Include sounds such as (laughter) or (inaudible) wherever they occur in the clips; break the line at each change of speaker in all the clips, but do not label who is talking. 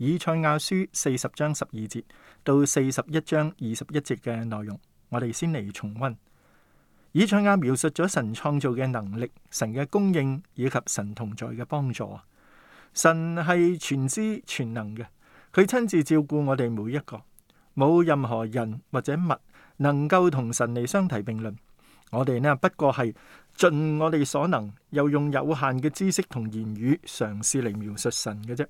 以賽亞書四十章十二節到四十一章二十一節嘅內容，我哋先嚟重溫。以賽亞描述咗神創造嘅能力、神嘅供應以及神同在嘅幫助。神係全知全能嘅，佢親自照顧我哋每一個，冇任何人或者物能夠同神嚟相提並論。我哋呢，不過係盡我哋所能，又用有限嘅知識同言語嘗試嚟描述神嘅啫。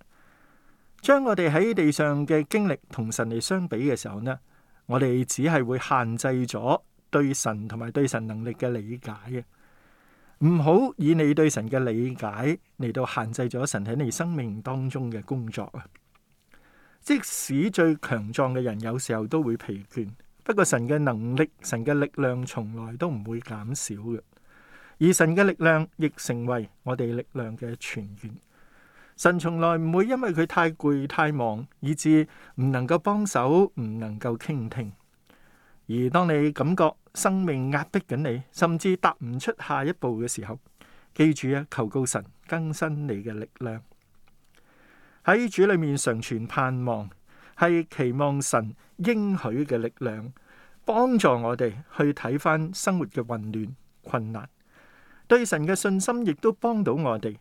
將我哋喺地上嘅經歷同神嚟相比嘅時候呢，我哋只係會限制咗對神同埋對神能力嘅理解嘅。唔好以你對神嘅理解嚟到限制咗神喺你生命當中嘅工作啊！即使最強壯嘅人，有時候都會疲倦。不過神嘅能力，神嘅力量，從來都唔會減少嘅。而神嘅力量亦成為我哋力量嘅泉源。神從來唔會因為佢太攰、太忙，以致唔能夠幫手，唔能夠傾聽。而當你感覺生命壓迫緊你，甚至踏唔出下一步嘅時候，記住啊，求告神，更新你嘅力量。喺主裏面常存盼望，係期望神應許嘅力量，幫助我哋去睇翻生活嘅混亂困難，對神嘅信心亦都幫到我哋。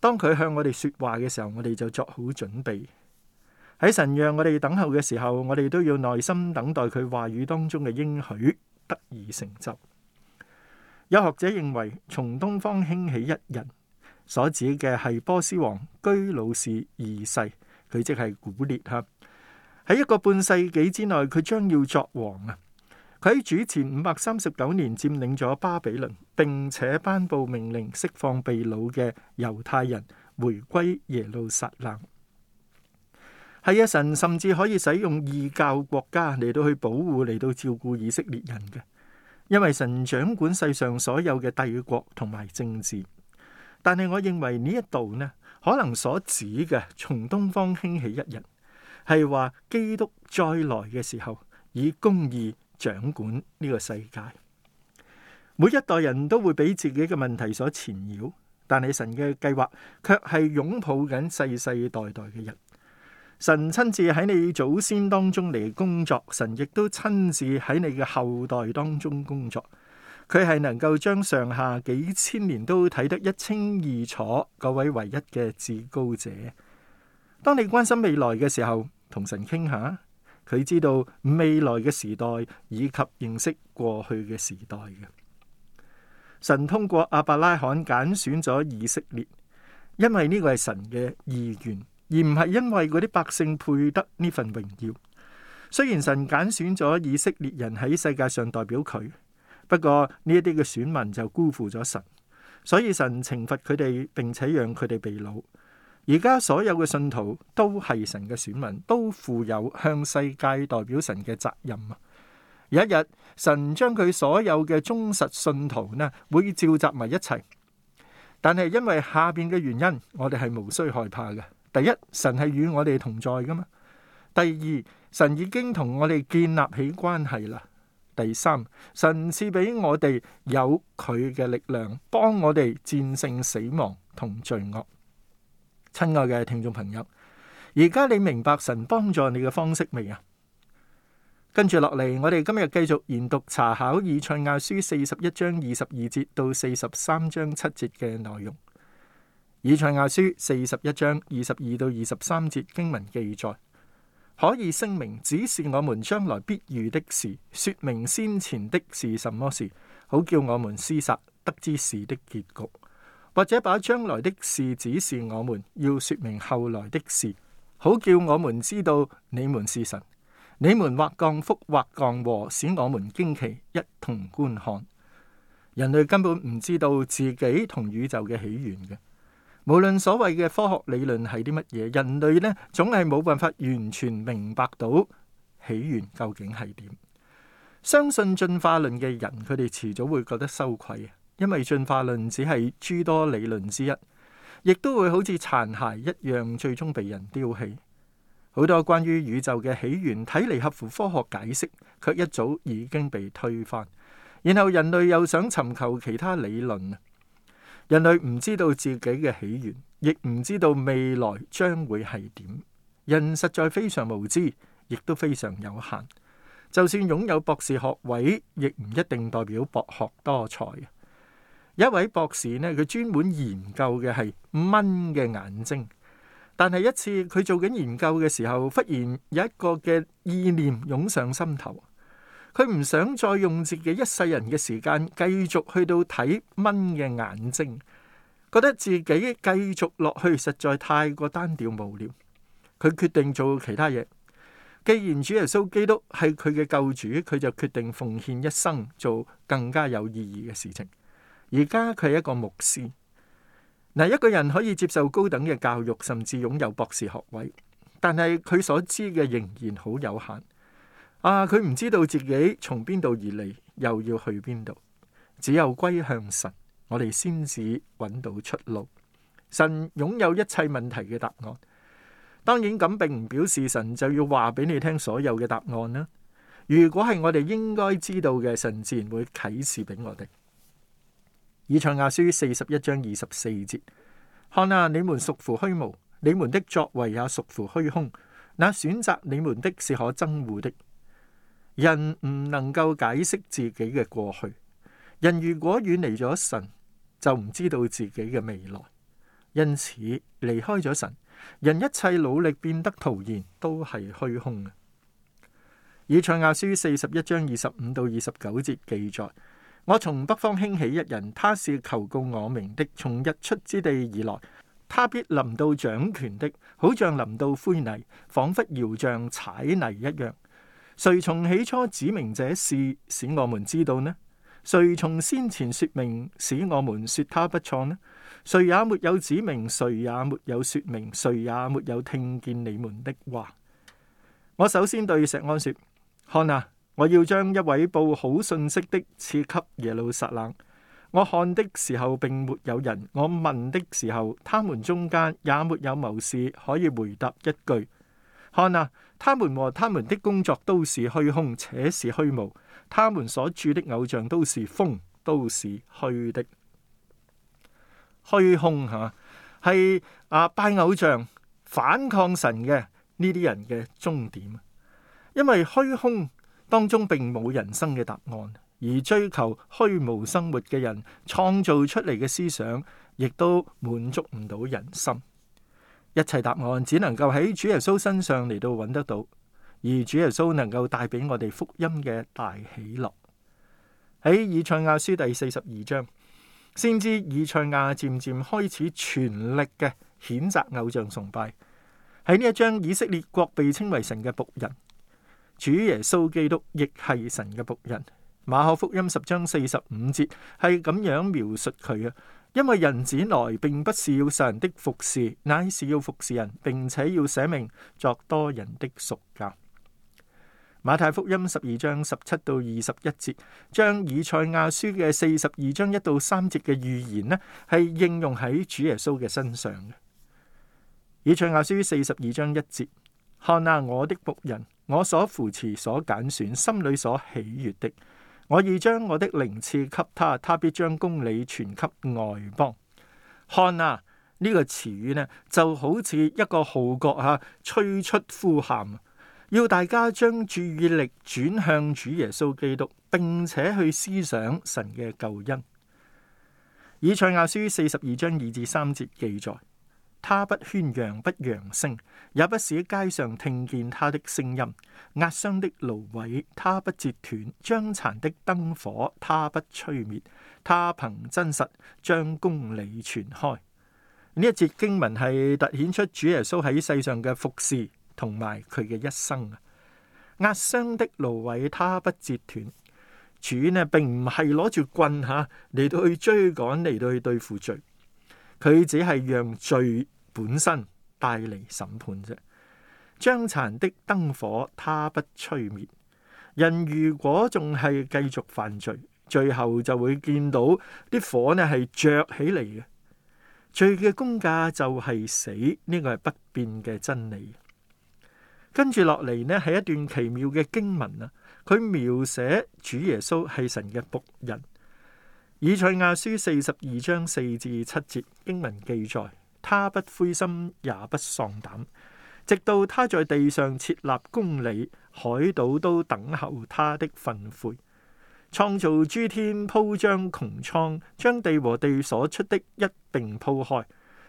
當佢向我哋說話嘅時候，我哋就作好準備。喺神讓我哋等候嘅時候，我哋都要耐心等待佢話語當中嘅應許得以成就。有學者認為，從東方興起一日所指嘅係波斯王居魯士二世，佢即係古列克。喺一個半世紀之內，佢將要作王啊！喺主前五百三十九年佔領咗巴比倫，並且頒布命令釋放被擄嘅猶太人回歸耶路撒冷。係啊，神甚至可以使用異教國家嚟到去保護嚟到照顧以色列人嘅，因為神掌管世上所有嘅帝國同埋政治。但係我認為呢一度呢，可能所指嘅從東方興起一人，係話基督再來嘅時候以公義。掌管呢個世界，每一代人都會俾自己嘅問題所纏繞，但係神嘅計劃卻係擁抱緊世世代代嘅人。神親自喺你祖先當中嚟工作，神亦都親自喺你嘅後代當中工作。佢係能夠將上下幾千年都睇得一清二楚，各位唯一嘅至高者。當你關心未來嘅時候，同神傾下。佢知道未來嘅時代以及認識過去嘅時代嘅神，通過亞伯拉罕揀選咗以色列，因為呢個係神嘅意願，而唔係因為嗰啲百姓配得呢份榮耀。雖然神揀選咗以色列人喺世界上代表佢，不過呢一啲嘅選民就辜負咗神，所以神懲罰佢哋，並且讓佢哋被擄。而家所有嘅信徒都係神嘅選民，都負有向世界代表神嘅責任啊！有一日，神將佢所有嘅忠實信徒呢，會召集埋一齊。但係因為下邊嘅原因，我哋係無需害怕嘅。第一，神係與我哋同在噶嘛。第二，神已經同我哋建立起關係啦。第三，神賜俾我哋有佢嘅力量，幫我哋戰勝死亡同罪惡。親愛嘅聽眾朋友，而家你明白神幫助你嘅方式未啊？跟住落嚟，我哋今日繼續研讀查考以賽亞書四十一章二十二節到四十三章七節嘅內容。以賽亞書四十一章二十二到二十三節經文記載，可以聲明指示我們將來必遇的事，說明先前的是什麼事，好叫我們思索得知事的結局。或者把將來的事指示我們，要說明後來的事，好叫我們知道你們是神，你們或降福或降禍，使我們驚奇一同觀看。人類根本唔知道自己同宇宙嘅起源嘅，無論所謂嘅科學理論係啲乜嘢，人類呢總係冇辦法完全明白到起源究竟係點。相信進化論嘅人，佢哋遲早會覺得羞愧嘅。因為進化論只係諸多理論之一，亦都會好似殘骸一樣，最終被人丟棄。好多關於宇宙嘅起源，睇嚟合乎科學解釋，卻一早已經被推翻。然後人類又想尋求其他理論。人類唔知道自己嘅起源，亦唔知道未來將會係點。人實在非常無知，亦都非常有限。就算擁有博士學位，亦唔一定代表博學多才啊。一位博士呢，佢專門研究嘅係蚊嘅眼睛。但係一次佢做緊研究嘅時候，忽然有一個嘅意念湧上心頭，佢唔想再用自己一世人嘅時間繼續去到睇蚊嘅眼睛，覺得自己繼續落去實在太過單調無聊。佢決定做其他嘢。既然主耶穌基督係佢嘅救主，佢就決定奉獻一生做更加有意義嘅事情。而家佢係一個牧師，嗱，一個人可以接受高等嘅教育，甚至擁有博士學位，但係佢所知嘅仍然好有限。啊，佢唔知道自己從邊度而嚟，又要去邊度，只有歸向神，我哋先至揾到出路。神擁有一切問題嘅答案，當然咁並唔表示神就要話俾你聽所有嘅答案啦。如果係我哋應該知道嘅，神自然會啟示俾我哋。以賽亞書四十一章二十四節，看啊！你們屬乎虛無，你們的作為也屬乎虛空。那選擇你們的是可憎惡的。人唔能夠解釋自己嘅過去。人如果遠離咗神，就唔知道自己嘅未來。因此離開咗神，人一切努力變得徒然，都係虛空嘅！以賽亞書四十一章二十五到二十九節記載。我從北方興起一人，他是求告我名的，從日出之地而來。他必臨到掌權的，好像臨到灰泥，仿佛窯匠踩泥一樣。誰從起初指明這事使我們知道呢？誰從先前說明使我們說他不錯呢？誰也沒有指明，誰也沒有說明，誰也沒有聽見你們的話。我首先對錫安說：看啊！我要將一位報好信息的賜給耶路撒冷。我看的時候，並沒有人；我問的時候，他們中間也沒有謀士可以回答一句。看啊，他們和他們的工作都是虛空，且是虛無。他們所鑄的偶像都是風，都是虛的。虛空吓，係啊，啊拜偶像、反抗神嘅呢啲人嘅終點，因為虛空。當中並冇人生嘅答案，而追求虛無生活嘅人創造出嚟嘅思想，亦都滿足唔到人心。一切答案只能夠喺主耶穌身上嚟到搵得到，而主耶穌能夠帶俾我哋福音嘅大喜樂。喺以賽亞書第四十二章，先知以賽亞漸漸開始全力嘅譴責偶像崇拜。喺呢一章以色列國被稱為神嘅僕人。主耶穌基督亦係神嘅僕人。馬可福音十章四十五節係咁樣描述佢啊，因為人子來，並不是要受人的服侍，乃是要服侍人，並且要捨命作多人的贖價。」馬太福音十二章十七到二十一節，將以賽亞書嘅四十二章一到三節嘅預言呢係應用喺主耶穌嘅身上嘅。以賽亞書四十二章一節。看啊，我的僕人，我所扶持、所揀選、心裏所喜悅的，我已將我的靈賜給他，他必將公理傳給外邦。看啊，呢、這個詞語呢，就好似一個號角啊，吹出呼喊，要大家將注意力轉向主耶穌基督，並且去思想神嘅救恩。以賽亞書四十二章二至三節記載。他不喧嚷，不揚聲，也不使街上聽見他的聲音。壓傷的蘆葦，他不折斷；將殘的燈火，他不吹滅。他憑真實將公理傳開。呢一節經文係突顯出主耶穌喺世上嘅服事同埋佢嘅一生啊！壓傷的蘆葦，他不折斷。主呢，並唔係攞住棍吓嚟到去追趕嚟到去對付罪，佢只係讓罪。本身帶嚟審判啫。張殘的燈火，他不吹滅。人如果仲係繼續犯罪，最後就會見到啲火呢係着起嚟嘅。罪嘅工價就係死，呢個係不變嘅真理。跟住落嚟呢，係一段奇妙嘅經文啊。佢描寫主耶穌係神嘅僕人。以賽亞書四十二章四至七節經文記載。他不灰心，也不喪膽，直到他在地上設立公理，海島都等候他的訓誨。創造諸天，鋪張穹蒼，將地和地所出的一併鋪開，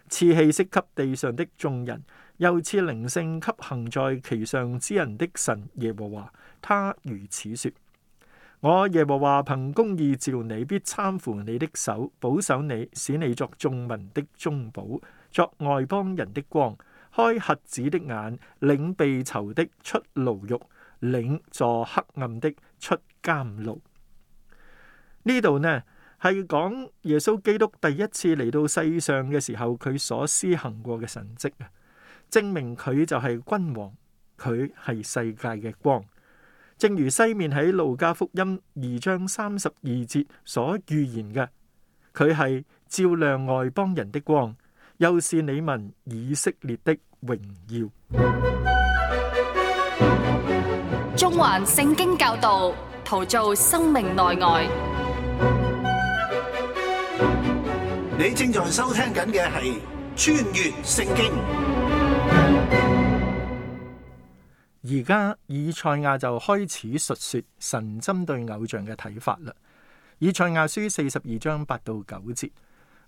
賜氣息給地上的眾人，又賜靈性給行在其上之人的神耶和華。他如此說：我耶和華憑公義召你，必攙扶你的手，保守你，使你作眾民的中保。作外邦人的光，開瞎子的眼，領被囚的出牢獄，領坐黑暗的出監牢。呢度呢係講耶穌基督第一次嚟到世上嘅時候，佢所施行過嘅神蹟啊，證明佢就係君王，佢係世界嘅光。正如西面喺路加福音二章三十二節所預言嘅，佢係照亮外邦人的光。又是你問以色列的榮耀？中環聖經教導，陶造生命內外。你正在收聽緊嘅係《穿越聖經》。而家以賽亞就開始述說神針對偶像嘅睇法啦。以賽亞書四十二章八到九節。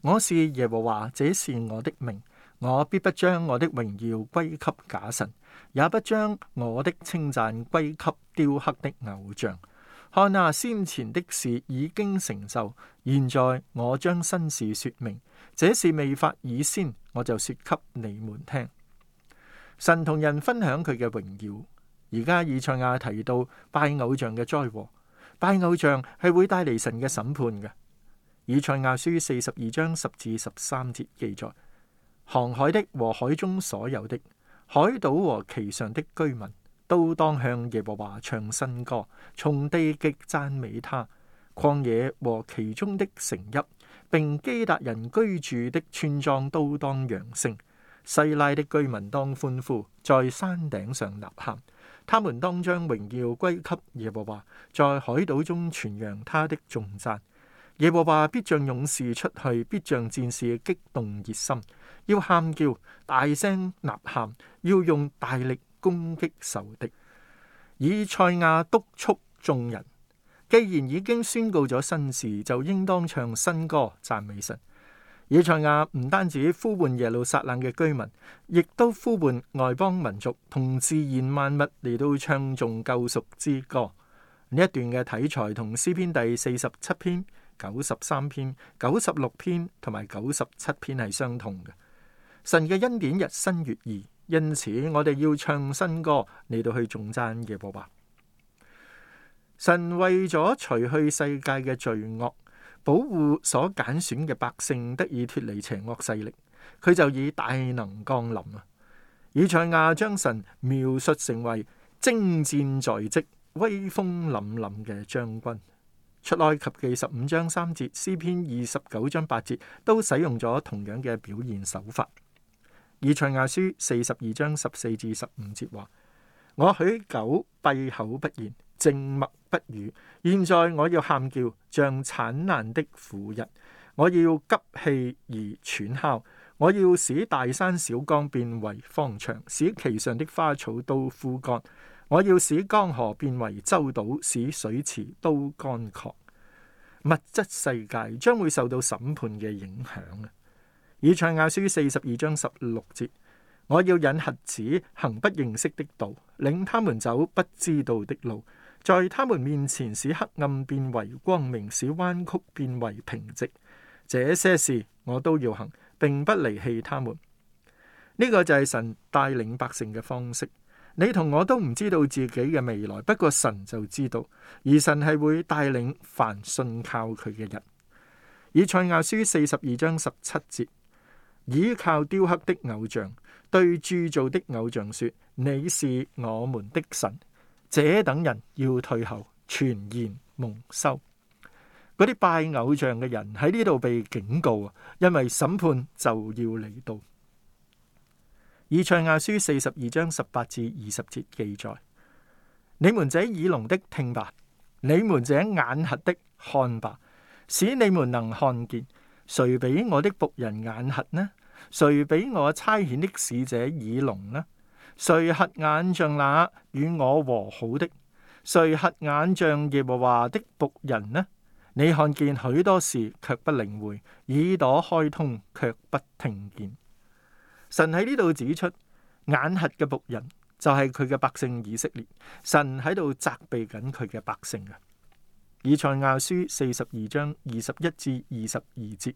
我是耶和華，這是我的名，我必不將我的榮耀歸給假神，也不將我的稱讚歸給雕刻的偶像。看那先前的事已經成就，現在我將新事說明，這是未發以先，我就說給你們聽。神同人分享佢嘅榮耀。而家以賽亞提到拜偶像嘅災禍，拜偶像係會帶嚟神嘅審判嘅。以賽亞書四十二章十至十三節記載：航海的和海中所有的海島和其上的居民，都當向耶和華唱新歌，從地極讚美他；曠野和其中的城邑，並基達人居住的村莊，都當揚聲；西拉的居民當歡呼，在山頂上吶喊，他們當將榮耀歸給耶和華，在海島中傳揚他的頌讚。耶和華必像勇士出去，必像戰士激動熱心，要喊叫大聲呐喊，要用大力攻擊仇敵。以賽亞督促眾人：既然已經宣告咗新事，就應當唱新歌讚美神。以賽亞唔單止呼喚耶路撒冷嘅居民，亦都呼喚外邦民族同自然萬物嚟到唱誦救贖之歌。呢一段嘅題材同詩篇第四十七篇。九十三篇、九十六篇同埋九十七篇係相同嘅。神嘅恩典日新月異，因此我哋要唱新歌嚟到去頌讚嘅噃。神為咗除去世界嘅罪惡，保護所揀選嘅百姓，得以脱離邪惡勢力，佢就以大能降臨啊！以賽亞將神描述成為征戰在即、威風凜凜嘅將軍。出埃及記十五章三節、詩篇二十九章八節都使用咗同樣嘅表現手法，以賽亞書四十二章十四至十五節話： (noise) 我許久閉口不言，靜默不語，現在我要喊叫，像產難的婦人；我要急氣而喘哮，我要使大山小岡變為荒場，使其上的花草都枯乾。我要使江河變為洲島，使水池都乾涸。物質世界將會受到審判嘅影響啊！以賽亞書四十二章十六節：我要引瞎子行不認識的道，領他們走不知道的路，在他們面前使黑暗變為光明，使彎曲變為平直。這些事我都要行，並不離棄他們。呢、這個就係神帶領百姓嘅方式。你同我都唔知道自己嘅未來，不過神就知道，而神係會帶領凡信靠佢嘅人。以賽亞書四十二章十七節，倚靠雕刻的偶像，對鑄造的偶像說：你是我們的神。這等人要退後，全然蒙羞。嗰啲拜偶像嘅人喺呢度被警告啊，因為審判就要嚟到。以賽亞書四十二章十八至二十節記載：你們這耳聾的聽吧，你們這眼瞎的看吧，使你們能看見。誰比我的僕人眼瞎呢？誰比我差遣的使者耳聾呢？誰瞎眼像那與我和好的？誰瞎眼像耶和華的僕人呢？你看見許多事卻不領會，耳朵開通卻不聽見。神喺呢度指出，眼瞎嘅僕人就係佢嘅百姓以色列。神喺度責備緊佢嘅百姓啊！以賽亞書四十二章二十一至二十二節：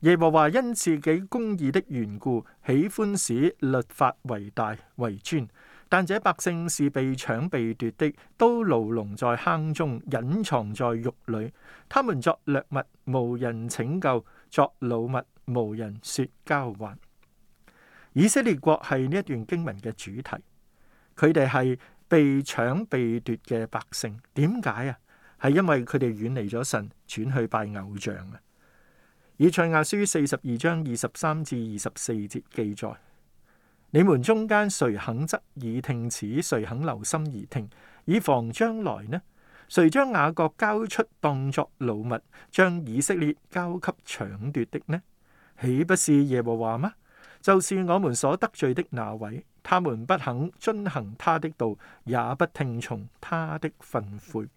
耶和華因自己公義的緣故，喜歡使律法為大為尊，但這百姓是被搶被奪的，都牢籠在坑中，隱藏在獄裏。他們作掠物，無人拯救；作擄物，無人說交還。以色列國係呢一段經文嘅主題，佢哋係被搶被奪嘅百姓，點解啊？係因為佢哋遠離咗神，轉去拜偶像啊！以賽亞書四十二章二十三至二十四節記載：你們中間誰肯側耳聽此？誰肯留心而聽，以防將來呢？誰將雅各交出當作擄物，將以色列交給搶奪的呢？豈不是耶和華嗎？就是我們所得罪的那位，他們不肯遵行他的道，也不聽從他的訓誨。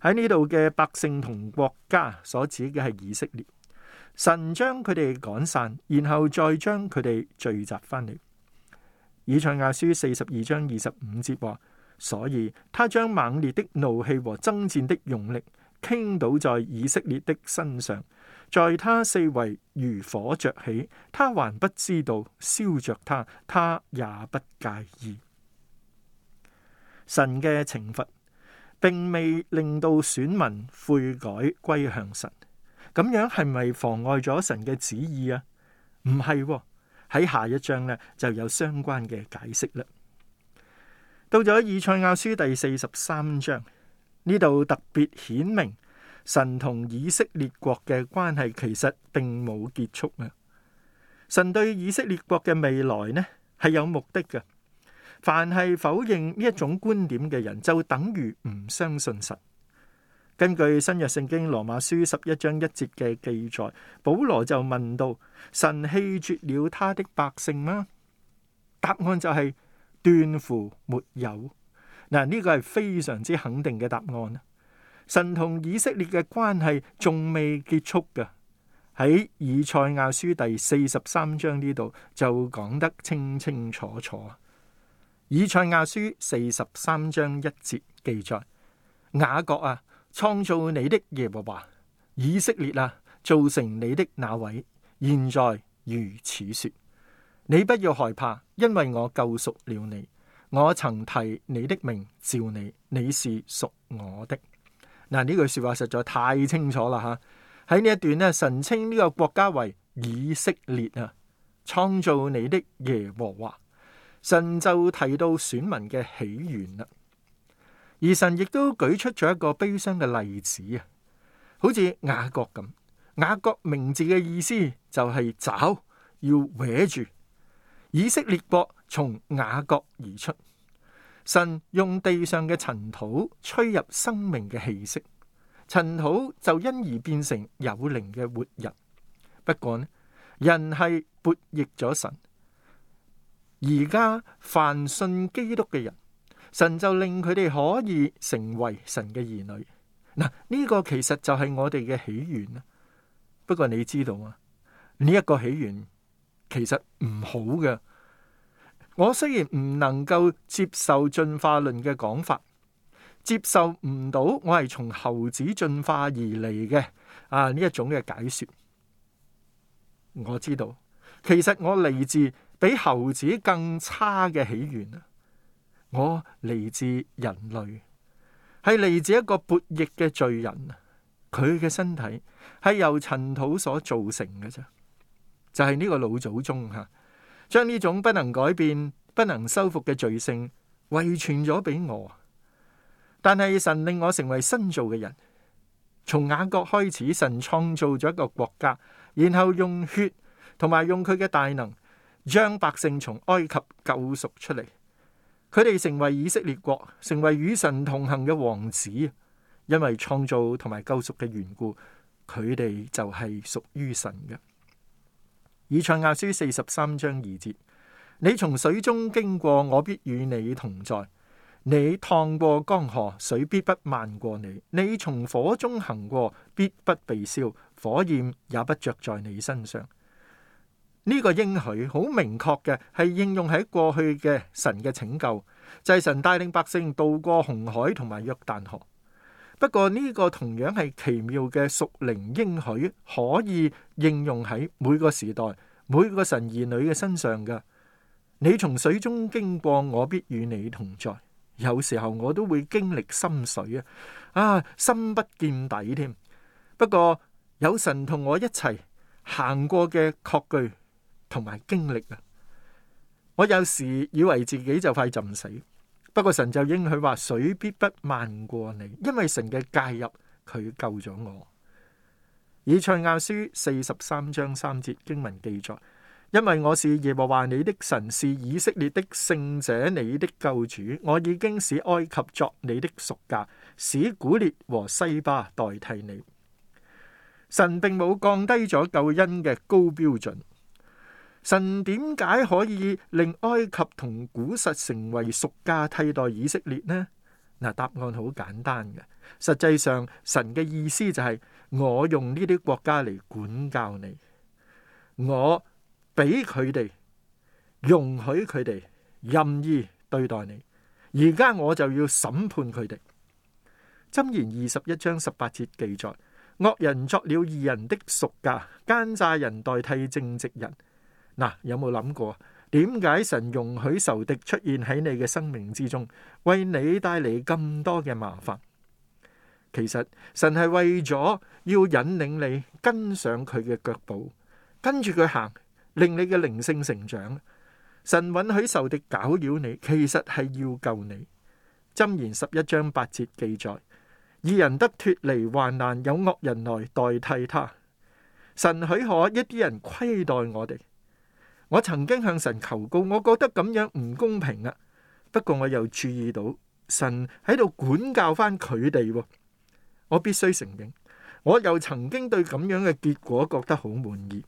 喺呢度嘅百姓同國家所指嘅係以色列，神將佢哋趕散，然後再將佢哋聚集翻嚟。以賽亞書四十二章二十五節話：所以他將猛烈的怒氣和爭戰的勇力傾倒在以色列的身上。在他四圍如火着起，他還不知道燒着他，他也不介意。神嘅懲罰並未令到選民悔改歸向神，咁樣係咪妨礙咗神嘅旨意啊？唔係喎，喺下一章呢，就有相關嘅解釋啦。到咗以賽亞書第四十三章呢度特別顯明。神同以色列國嘅關係其實並冇結束啊！神對以色列國嘅未來呢係有目的嘅。凡係否認呢一種觀點嘅人，就等於唔相信神。根據新約聖經羅馬書十一章一節嘅記載，保羅就問到：神棄絕了他的百姓嗎？答案就係斷乎沒有。嗱，呢個係非常之肯定嘅答案啊！神同以色列嘅關係仲未結束㗎，喺以賽亞書第四十三章呢度就講得清清楚楚。以賽亞書四十三章一節記載：雅各啊，創造你的耶和華，以色列啊，造成你的那位，現在如此說：你不要害怕，因為我救贖了你。我曾提你的名，召你，你是屬我的。嗱，呢句說話實在太清楚啦！哈，喺呢一段咧，神稱呢個國家為以色列啊，創造你的耶和華。神就提到選民嘅起源啦，而神亦都舉出咗一個悲傷嘅例子啊，好似雅各咁。雅各名字嘅意思就係抓，要抓住。以色列國從雅各而出。神用地上嘅塵土吹入生命嘅氣息，塵土就因而變成有靈嘅活人。不過呢，人係悖逆咗神。而家凡信基督嘅人，神就令佢哋可以成為神嘅兒女。嗱，呢個其實就係我哋嘅起源啦。不過你知道啊，呢、這、一個起源其實唔好嘅。我雖然唔能夠接受進化論嘅講法，接受唔到我係從猴子進化而嚟嘅啊，呢一種嘅解說。我知道，其實我嚟自，比猴子更差嘅起源啊！我嚟自人類，係嚟自一個悖逆嘅罪人，佢嘅身體係由塵土所造成嘅啫，就係、是、呢個老祖宗吓。將呢種不能改變、不能修復嘅罪性遺傳咗俾我，但係神令我成為新造嘅人。從雅各開始，神創造咗一個國家，然後用血同埋用佢嘅大能，將百姓從埃及救贖出嚟。佢哋成為以色列國，成為與神同行嘅王子，因為創造同埋救贖嘅緣故，佢哋就係屬於神嘅。以賽亞書四十三章二節：你從水中經過，我必與你同在；你趟過江河，水必不漫過你；你從火中行過，必不被燒，火焰也不着在你身上。呢、這個應許好明確嘅，係應用喺過去嘅神嘅拯救，就係、是、神帶領百姓渡過紅海同埋約旦河。不過呢個同樣係奇妙嘅屬靈應許，可以應用喺每個時代，每個神兒女嘅身上㗎。你從水中經過，我必與你同在。有時候我都會經歷深水啊，啊，深不見底添。不過有神同我一齊行過嘅確據，同埋經歷啊，我有時以為自己就快浸死。不過神就應許話，水必不漫過你，因為神嘅介入，佢救咗我。以賽亞書四十三章三節經文記載：因為我是耶和華你的神，是以色列的聖者，你的救主。我已經使埃及作你的贖價，使古列和西巴代替你。神並冇降低咗救恩嘅高標準。神點解可以令埃及同古實成為贖價，替代以色列呢？嗱，答案好簡單嘅。實際上，神嘅意思就係、是、我用呢啲國家嚟管教你，我俾佢哋容許佢哋任意對待你。而家我就要審判佢哋。箴言二十一章十八節記載：惡人作了義人的贖價，奸詐人代替正直人。嗱，有冇諗過點解神容許仇敵出現喺你嘅生命之中，為你帶嚟咁多嘅麻煩？其實神係為咗要引領你跟上佢嘅腳步，跟住佢行，令你嘅靈性成長。神允許仇敵攪擾你，其實係要救你。箴言十一章八節記載：義人得脫離患難，有惡人來代替他。神許可一啲人虧待我哋。我曾經向神求告，我覺得咁樣唔公平啊！不過我又注意到神喺度管教返佢哋，我必須承認，我又曾經對咁樣嘅結果覺得好滿意。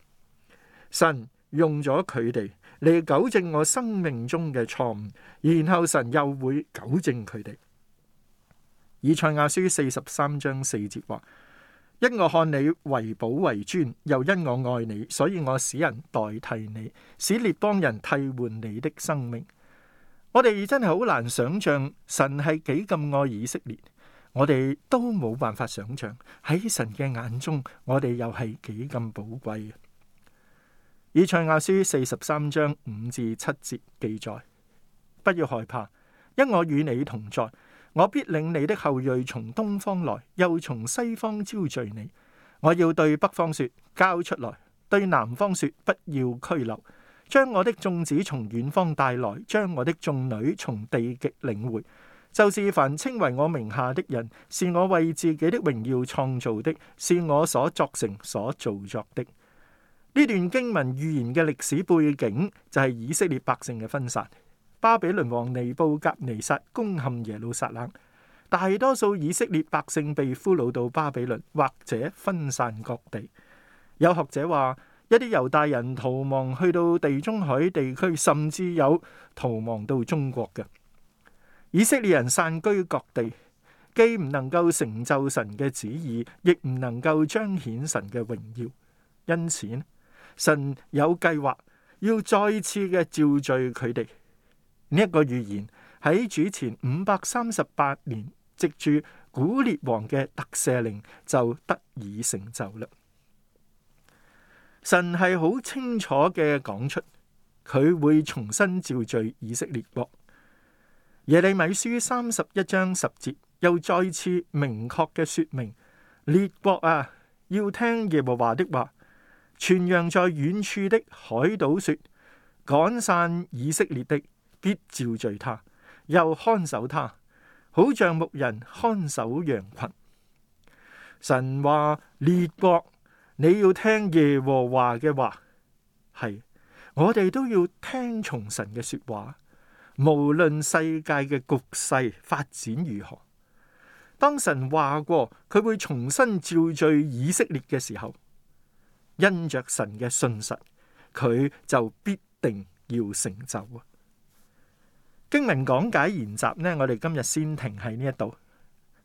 神用咗佢哋嚟糾正我生命中嘅錯誤，然後神又會糾正佢哋。以賽亞書四十三章四節話。因我看你為寶為尊，又因我愛你，所以我使人代替你，使列邦人替換你的生命。我哋真係好難想象神係幾咁愛以色列，我哋都冇辦法想象。喺神嘅眼中，我哋又係幾咁寶貴。以賽亞書四十三章五至七節記載：不要害怕，因我與你同在。我必領你的後裔從東方來，又從西方招聚你。我要對北方說交出來，對南方說不要拘留。將我的眾子從遠方帶來，將我的眾女從地極領回。就是凡稱為我名下的人，是我為自己的榮耀創造的，是我所作成所造作的。呢段經文預言嘅歷史背景就係以色列百姓嘅分散。巴比倫王尼布甲尼撒攻陷耶路撒冷，大多數以色列百姓被俘虜到巴比倫，或者分散各地。有學者話，一啲猶大人逃亡去到地中海地區，甚至有逃亡到中國嘅以色列人散居各地，既唔能夠成就神嘅旨意，亦唔能夠彰顯神嘅榮耀。因此神有計劃要再次嘅召聚佢哋。呢一個預言喺主前五百三十八年，藉住古列王嘅特赦令就得以成就啦。神係好清楚嘅講出，佢會重新召聚以色列國。耶利米書三十一章十節又再次明確嘅說明：列國啊，要聽耶和華的話。傳揚在遠處的海島說，趕散以色列的。必招聚他，又看守他，好像牧人看守羊群。神話列國，你要聽耶和華嘅話，係我哋都要聽從神嘅說話，無論世界嘅局勢發展如何。當神話過佢會重新招聚以色列嘅時候，因着神嘅信實，佢就必定要成就。經文講解研習呢，我哋今日先停喺呢一度。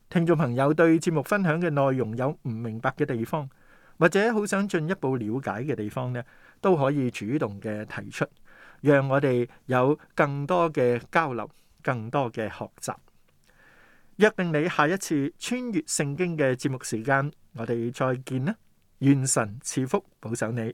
聽眾朋友對節目分享嘅內容有唔明白嘅地方，或者好想進一步了解嘅地方呢，都可以主動嘅提出，讓我哋有更多嘅交流，更多嘅學習。約定你下一次穿越聖經嘅節目時間，我哋再見啦！願神賜福，保守你。